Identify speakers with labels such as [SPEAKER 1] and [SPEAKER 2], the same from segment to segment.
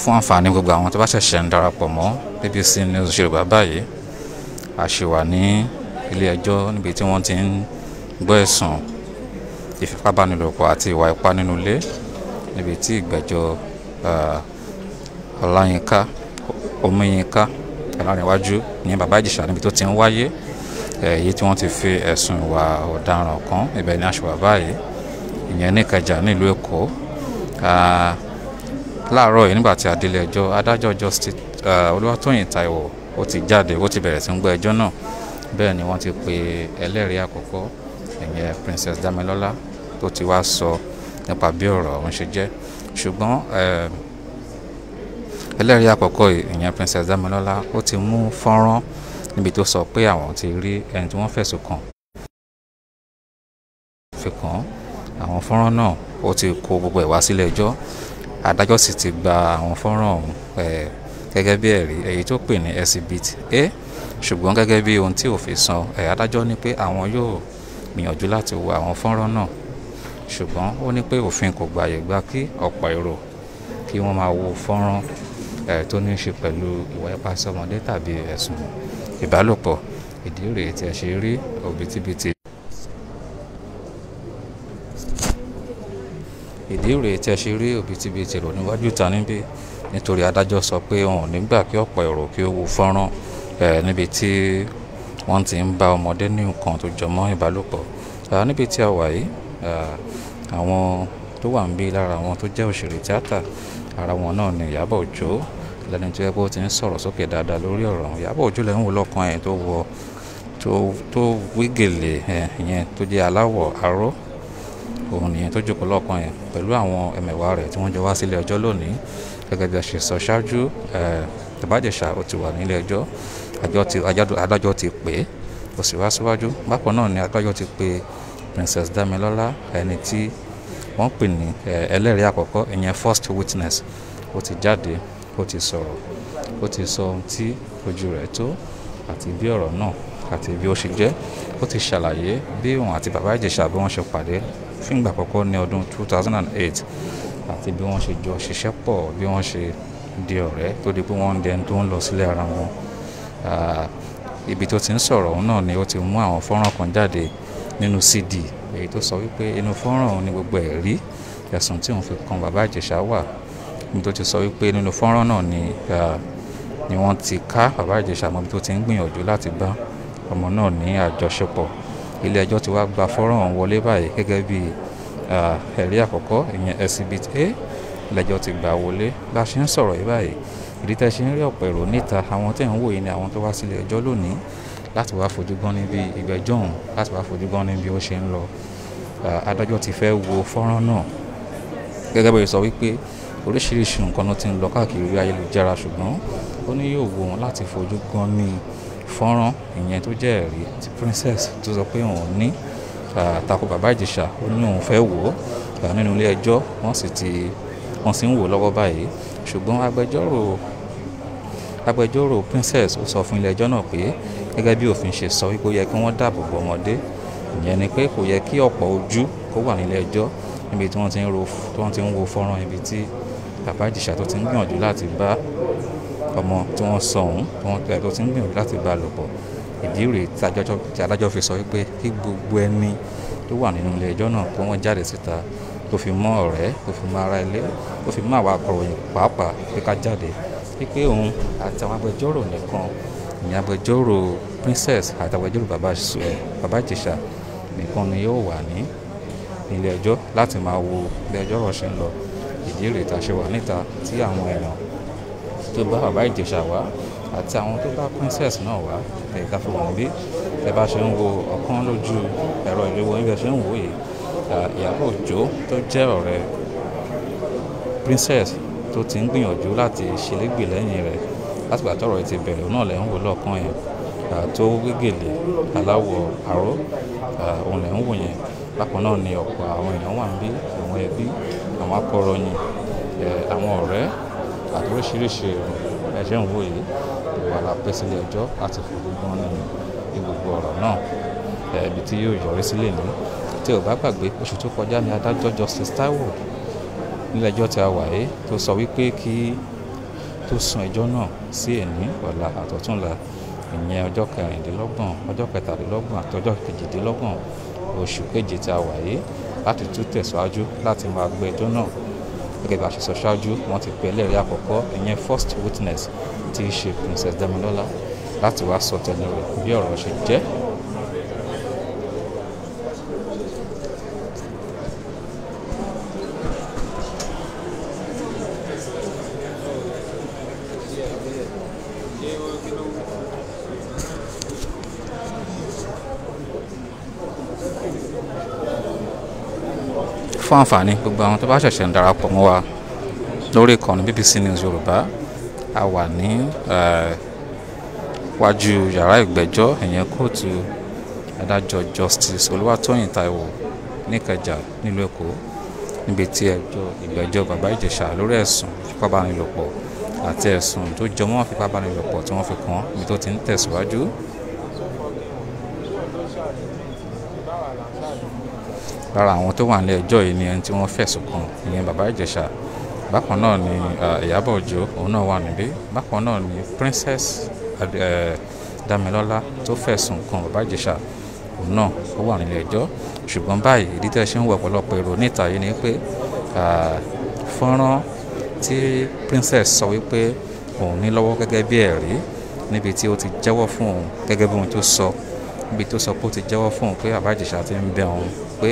[SPEAKER 1] fún àǹfààní gbogbo àwọn tó bá ṣẹ̀ṣẹ̀ ń darapọ̀ mọ́ BBC News Yorùbá báyìí a ṣì wà ní ilé ẹjọ́ níbi tí wọ́n ti ń gbọ́ ẹ̀sùn ìfipábánilòpọ̀ àti ìwà ipá nínú ilé níbi tí ìgbẹ́jọ́ Ọláyínká Omiyínká Ọlárìnwájú ní bàbá Ìjẹ̀ṣà níbi tó ti ń wáyé èyí tí wọ́n ti fi ẹ̀sùn ìwà ọ̀daràn kan ibẹ̀ ní a báyìí ìyẹn ní Ìkẹjà nílùú Èkó láàárọ̀ yìí nígbà tí adélé ẹjọ́ adájọ́ justice olúwatóyìn taiwo ó ti jáde ó ti bẹ̀rẹ̀ sí ń gbọ́ ẹjọ́ náà bẹ́ẹ̀ ni wọ́n ti pe ẹlẹ́rìí àkọ́kọ́ ìyẹn princess damilọ́lá tó ti wá sọ nípa bí ọ̀rọ̀ ọ̀hún ṣe jẹ́ ṣùgbọ́n ẹlẹ́rìí àkọ́kọ́ ìyẹn princess damilọ́lá ó ti mú fọ́nrán níbi tó sọ pé àwọn ti rí ẹni tí wọ́n fẹ̀sùn kàn fi kàn àwọn fọ́nrán náà ó ti kó gbogbo ẹ̀ wá ẹjọ́ adájọ́ sì ti gba àwọn fọ́nrán ọ̀hún gẹ́gẹ́ bí ẹ̀rí èyí tó pè ní exhibit a ṣùgbọ́n gẹ́gẹ́ bí ohun tí òfin san adájọ́ ní pé àwọn yóò gbìyànjú láti wo àwọn fọ́nrán náà ṣùgbọ́n ó ní pé òfin kò gbàyè gba kí ọ̀pọ̀ èrò kí wọ́n máa wo fọ́nrán tó ní í ṣe pẹ̀lú ìwà ipá sọmọdé tàbí ẹ̀sùn ìbálòpọ̀ ìdí rèé tí ẹ ṣe rí òbítíbitì ìdí rèé tẹ́ ṣe rí òbítíbitì rò níwájú ìta níbí nítorí adájọ́ sọ pé òun nígbà kí ọ̀pọ̀ èrò kí ó wo fọ́nrán níbi tí wọ́n ti ń bá ọmọdé ní nǹkan tó jọmọ́ ìbálòpọ̀ níbi tí a wà yìí àwọn tó wà ń bí lára àwọn tó jẹ́ òṣèré tíátà ara wọn náà ni Ìyábọ̀ Òjó lẹ́ni tó yẹ pé ó ti ń sọ̀rọ̀ sókè dáadáa lórí ọ̀rọ̀ Ìyábọ̀ Òjó lẹ́yìn wò lọ́kàn ẹ̀ tó wọ tó wí gèlè ìyẹn tó jẹ́ aláwọ̀ aró òun nìyẹn tó jòkó lọ́ọ̀kan yẹn pẹ̀lú àwọn ẹ̀mẹ̀wá rẹ̀ tí wọ́n jọ wá sílé ẹjọ́ lónìí gẹ́gẹ́ bí a ṣe sọ ṣáájú tẹ̀bájẹ̀ṣà ó ti wà nílé ẹjọ́ adájọ́ ti pè é kò sì wá síwájú bákan náà ni adájọ́ ti pe Princess Damilọ́lá ẹni tí wọ́n pè ní ẹlẹ́rìí àkọ́kọ́ ìyẹn first witness ó ti jáde ó ti sọ̀rọ̀ ó ti sọ ohun tí ojú rẹ̀ tó àti bí ọ̀rọ̀ náà àti bí ó ṣe jẹ́ ó ti ṣàlàyé bí òun àti bàbá Ìjẹ̀ṣà bí wọ́n ṣe pàdé fìgbà àkọ́kọ́ ní ọdún 2008 àti bí wọ́n ṣe jọ ṣiṣẹ́ pọ̀ bí wọ́n ṣe di ọ̀rẹ́ tó di pé wọ́n ń dẹni tó ń lọ sílé ara wọn ibi tó ti ń sọ̀rọ̀ òun náà ni ó ti mú àwọn fọ́nrán kan jáde nínú CD èyí tó sọ wípé inú fọ́nrán òun ni gbogbo ẹ̀rí ẹ̀sùn tí òun fi kan bàbá Ìjẹ̀ṣà wà ibi tó ti sọ wípé nínú fọ́nrán náà ni ni wọ́n ti ká bàbá Ìjẹ̀ṣà mọ́ ibi tó ti ń gbìyànjú láti bá ọmọ náà ní àjọṣepọ̀ ilé ẹjọ́ ti wá gba fọ́rán ọ̀hún wọlé báyìí gẹ́gẹ́ bí ẹ̀rí àkọ́kọ́ ìyẹn exhibit a lẹ́jọ́ ti gbà wọlé bá a ṣe ń sọ̀rọ̀ yìí báyìí ìdí tẹ́ ṣe ń rí ọ̀pọ̀ èrò níta àwọn tẹ́ ń wò yìí ni àwọn tó wá sílé ẹjọ́ lónìí láti wá fojú gan níbi ìgbẹ́jọ́ ọ̀hún láti wá fojú gan níbi ó ṣe ń lọ adájọ́ ti fẹ́ wo fọ́nrán náà gẹ́gẹ́ bẹ́ẹ̀ sọ wípé oríṣiríṣi nǹkan ló ti ń lọ káàkiri ayélujára ṣùgbọ́n ó ní yóò wò wọ́n láti fojú gan ní fọ́nrán ìyẹn tó jẹ́ ẹ̀rí tí princess tó sọ pé òun ní àtakò bàbá ìjẹ̀ṣà ó ní òun fẹ́ wò ó nínú ilé ẹjọ́ wọ́n sì ti wọ́n sì ń wò lọ́wọ́ báyìí ṣùgbọ́n agbẹjọ́rò agbẹjọ́rò princess ó sọ fún ilé ẹjọ́ náà pé gẹ́gẹ́ bí òfin ṣe sọ wípé ó yẹ kí wọ́n dáàbò bo ọmọdé ìyẹn ni pé kò yẹ kí ọ̀pọ̀ ojú kó wà nílé ẹjọ́ níbi tí wọ́n ti ń wo fọ́nrán ibi tí bàbá ìjẹ̀ṣà tó ti ń gbìyànjú láti bá ọmọ tí wọ́n sọ ọ̀hún tí wọ́n tó ti ń gbìyànjú láti bá a lò pọ̀ ìdí rèé tí adájọ́ fi sọ wípé kí gbogbo ẹni tó wà nínú ilé ẹjọ́ náà kó wọ́n jáde síta tó fi mọ́ ọ̀rẹ́ tó fi mọ́ ara ilé tó fi mọ́ àwa akọ̀ròyìn pàápàá pé ká jáde wípé òun àti àwọn agbẹjọ́rò nìkan ìyẹn agbẹjọ́rò princess àti agbẹjọ́rò bàbá ìjẹ̀ṣà nìkan ni yóò wà ní ilé ẹjọ́ láti máa wo ilé ẹjọ́ ọ̀rọ̀ ṣe ń lọ ìdí rèé tá a ṣe wà níta tí àwọn èèyàn tó bá bàbá ìjẹ̀ṣà wá àti àwọn tó bá princess náà wá ẹ̀ka fọwọ́n níbí ẹ bá ṣe ń wo ọ̀kan lójú ẹ̀rọ ìléwọ́ ibẹ̀ ṣe ń wò yìí Ìyábọ̀ Òjó tó jẹ́ ọ̀rẹ́ princess tó ti ń gbìyànjú láti ṣelégbè lẹ́yìn rẹ̀ látìgbà tọ́rọ̀ ti bẹ̀rẹ̀ náà lẹ́ ń wò lọ́ọ̀kan yẹn tó gègèlè aláwọ̀ aró òun lẹ́ ń wò yẹn bákan náà ni ọ̀pọ̀ àwọn èèyàn wà ń bí àwọn ẹbí àwọn akọ̀ròyìn àwọn ọ̀rẹ́ àti oríṣiríṣi ẹ̀rọ ẹ̀ṣẹ̀ ń wò yìí ìwà la pẹ́ sílé ẹjọ́ láti fojú gbọ́n nínú ní gbogbo ọ̀rọ̀ náà ibi tí yóò yọrí sílé ní tí ò bá gbàgbé oṣù tó kọjá ni adájọ́ justice Taiwo nílẹ̀ ẹjọ́ tí a wà yìí tó sọ wípé kí tó sún ẹjọ́ náà sí ẹ̀ní ọ̀la àtọ̀túnla ìyẹn ọjọ́ kẹrìndínlọ́gbọ̀n ọjọ́ kẹtàdínlọ́gbọ̀n àti ọjọ́ kejìdínlọ́gbọ̀n oṣù keje tí a wà yìí láti tún tẹ̀síwájú láti máa gbé ẹjọ́ náà gẹ́gẹ́ bí a ṣe sọ ṣáájú wọ́n ti pe ẹlẹ́rìí àkọ́kọ́ ìyẹn first witness tí í ṣe Princess Damilola láti wá sọ tẹnu rẹ̀ bí ọ̀rọ̀ ṣe jẹ́ fún àǹfààní gbogbo àwọn tó bá ṣẹ̀ṣẹ̀ ń darapọ̀ mọ́ wa lórí ìkànnì BBC News Yorùbá a wà ní wájú yàrá ìgbẹ́jọ́ ìyẹn kóòtù adájọ́ Justice Olúwatóyìn Táíwò níkẹjà nílùú Èkó níbi tí ẹjọ́ ìgbẹ́jọ́ Bàbá Ìjẹ̀ṣà lórí ẹ̀sùn ìfipábánilòpọ̀ àti ẹ̀sùn tó jọmọ́ ìfipábánilòpọ̀ tí wọ́n fi kàn án ibi tó ti ń tẹ̀síwájú lára àwọn tó wà nílé ẹjọ́ yìí ni ẹni tí wọ́n fẹ̀sùn kàn ìyẹn bàbá ìjẹ̀ṣà bákan náà ni ìyábọ̀ òjó òun náà wà níbí bákan náà ni princess damilọ́lá tó fẹ̀sùn kàn bàbá ìjẹ̀ṣà òun náà ó wà nílé ẹjọ́ ṣùgbọ́n báyìí ìdí tẹ́ ṣe ń wọ ọ̀pọ̀lọpọ̀ èrò níta yìí ni pé fọ́nrán tí princess sọ wípé òun ní lọ́wọ́ gẹ́gẹ́ bí ẹ̀rí níbi tí ó ti jẹ́wọ́ fún òun gẹ́gẹ́ bí ohun tó sọ níbi tó sọ pé ó ti jẹ́wọ́ fún òun pé bàbá ìjẹ̀ṣà ti ń bẹ òun pé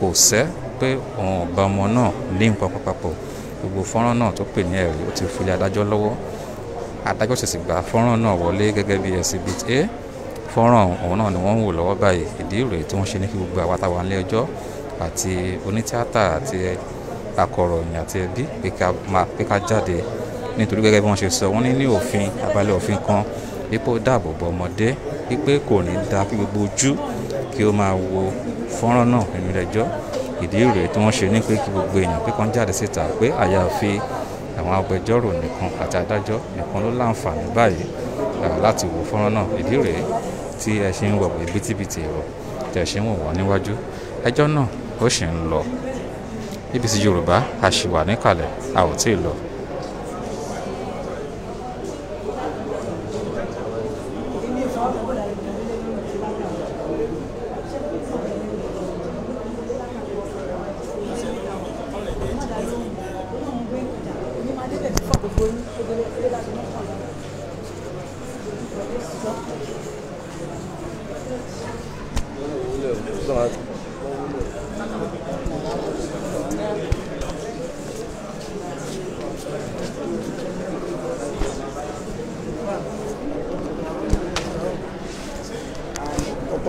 [SPEAKER 1] kò sẹ́ pé òun ọ̀bá ọmọ náà ní nǹkan papọ̀ gbogbo fọ́nrán náà tó pè ní ẹ̀rí ó ti fúlẹ̀ adájọ́ lọ́wọ́ adájọ́ sì sì gba fọ́nrán náà wọlé gẹ́gẹ́ bí exhibit A fọ́nrán òun náà ni wọ́n ń wò lọ́wọ́ báyìí ìdí ìròyìn tí wọ́n ṣe ní kí gbogbo àwa táwa nílé ẹjọ́ àti onítíátà àti akọ̀ròyìn àti ẹbí pé ká jáde nítorí gẹ́gẹ́ bí wọ́n ṣe sọ wọ́n ní ní òfin abalẹ̀ òfin kan wípé ó dáàbò bo ọmọdé wípé kò ní da kí gbogbo ojú kí ó máa wo fọ́nrán náà nínú ilé-ẹjọ́ ìdí rèé tí wọ́n ṣe ní pé kí gbogbo èèyàn pé kán jáde síta pé àyàfi àwọn agbẹjọ́rò nìkan àti adájọ́ nìkan ló láǹfààní báyìí láti wo fọ́nrán náà ìdí rèé tí ẹ ṣe ń wọ̀ pé bítíbitì ẹ̀rọ tí ẹ ṣe ń wò wọ́n níwájú ẹjọ́ náà ó sì ń lọ BBC Yorùbá a ṣì wà níkàlẹ̀ a ò tí ì lọ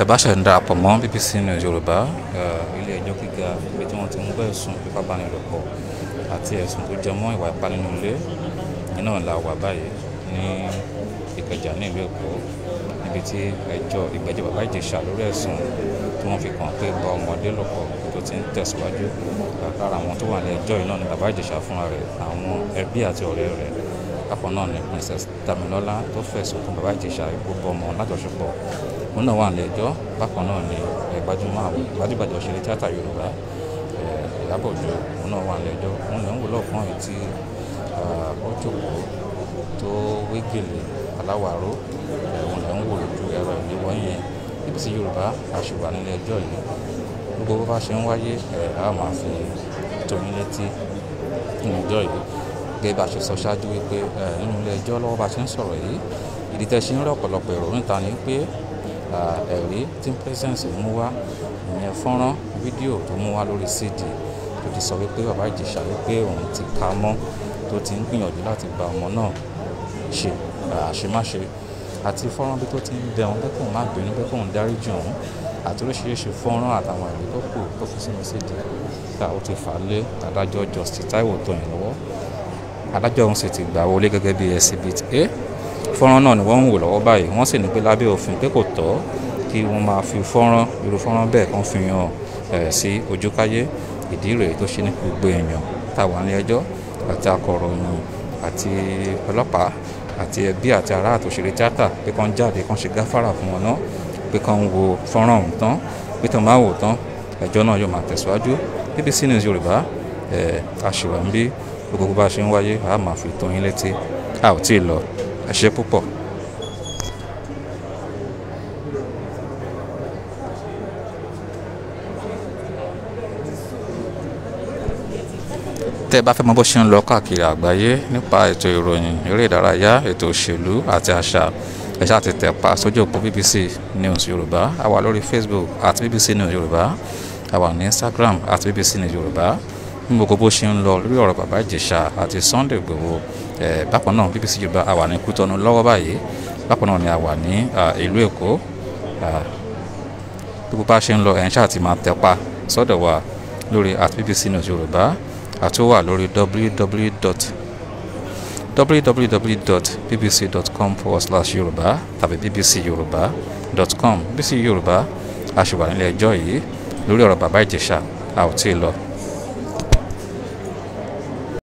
[SPEAKER 1] a bá ṣẹ̀ ń darapọ̀ mọ́ BBC News Yorùbá ilé ẹjọ́ gíga ibi tí wọ́n ti ń gbọ́ ẹ̀sùn ìfipábánilòpọ̀ àti ẹ̀sùn tó jẹ mọ́ ìwà ipá nínú ilé iná la wà báyìí ní Ìkẹjà ní ìlú Èkó níbi tí ẹjọ́ ìgbẹ́jọ́ bàbá Ìjẹ̀ṣà lórí ẹ̀sùn tí wọ́n fi kàn pé bá ọmọdé lòpọ̀ tó ti ń tẹ̀síwájú lára àwọn tó wà ní ẹjọ́ iná ni bàbá Ìjẹ̀ṣà fúnra rẹ̀ àwọn ẹbí àti ọ̀rẹ́ rẹ̀ bákan náà ni Princess Damilọ́lá tó fẹ̀sùn kàn bàbá Ìjẹ̀ṣà ikú bọ́mọ lájọṣepọ̀ òun náà wà ní bákan náà ni gbajúmọ̀ àwọn gbajúgbajà òṣèré tíátà Yorùbá Ìyábọ̀ Òjó òun náà wà ní ẹjọ́ òun náà ń wò lọ́ọ̀kan yìí tí ó jòkó tó wégele aláwàró òun náà ń wò lójú ẹ̀rọ ìléwọ́ yẹn níbi tí Yorùbá àṣùwà nílé ẹjọ́ yìí gbogbo bó bá ṣe ń wáyé a máa fi tó létí nínú ẹjọ́ yìí gẹ́gẹ́ bá ṣe sọ ṣáájú wípé nínú ilé ẹjọ́ lọ́wọ́ bá ṣe ń sọ̀rọ̀ yìí ìdí ń rí ọ̀pọ̀lọpọ̀ èrò níta ni pé Ah, ẹ̀rí tí presence mú wá ìyẹn fọ́nrán fídíò tó mú wá lórí cd tó ti sọ wípé bàbá ìjẹ̀ṣà wípé òun ti ka mọ́ tó ti ń gbìyànjú láti gba ọmọ náà ṣe ah, àṣemáṣe àti fọ́nrán bí tó ti ń bẹ̀rùn pẹ́kùn má bínú pẹ́kùn dáríjì òun àti oríṣiríṣi fọ́nrán àtàwọn ẹ̀rí tó kù tó fi sínú cd tá ó ti fà á lé adájọ́ justice Táíwò Tóyìn lọ́wọ́ adájọ́ òun sì ti gbà wọlé gẹ́gẹ́ bí exhibit a fọ́nrán náà ni wọ́n ń wò lọ́wọ́ báyìí wọ́n sì ní pé lábẹ́ òfin pé kò ẹ̀tọ́ kí wọ́n máa fi fọ́nrán irú fọ́nrán bẹ́ẹ̀ kan fi hàn sí ojúkáyé ìdí rèé tó ṣe ní gbogbo èèyàn táwa ní ẹjọ́ àti akọ̀ròyìn àti ọlọ́pàá àti ẹbí àti ará àtòṣèré tíátà pé kán jáde kán ṣe gáfárà fún wọn náà pé kán wo fọ́nrán ọ̀hún tán pé tán máa wò tán ẹjọ́ náà yóò máa tẹ̀síwájú BBC News Yorùbá ẹ̀ àṣìwà ń bí gbogbo bá ṣe ń wáyé a máa fi tó yín létí a ò tí ì lọ ẹ ṣé púpọ̀. tẹ́ ẹ bá fẹ́ mọ bó ṣe ń lọ káàkiri àgbáyé nípa ètò ìròyìn eré ìdárayá ètò òṣèlú àti àṣà ẹ ṣáà ti tẹ̀pa sójú òpó BBC News Yorùbá a wà lórí Facebook at BBC News Yorùbá a wà ní Instagram at BBC News Yorùbá ní gbogbo bó ṣe ń lọ lórí ọ̀rọ̀ bàbá Ìjẹ̀ṣà àti Sunday Ìgbòho ẹ̀ bákan náà BBC Yorùbá a wà ní Kútọ́nù lọ́wọ́ báyìí bákan náà ni a wà ní ìlú Èkó gbogbo bá ṣe ń lọ ẹ̀ ń ṣáà ti máa tẹ̀pa sọ́dọ̀ wa lórí at BBC News Yorùbá àti ó wà lórí www.bbc.com forward slash yorùbá tàbí bbcyorùbá.com bbc yorùbá a ṣì wà nílé ẹjọ́ yìí lórí ọ̀rọ̀ bàbá ìjẹ̀ṣà a ò lọ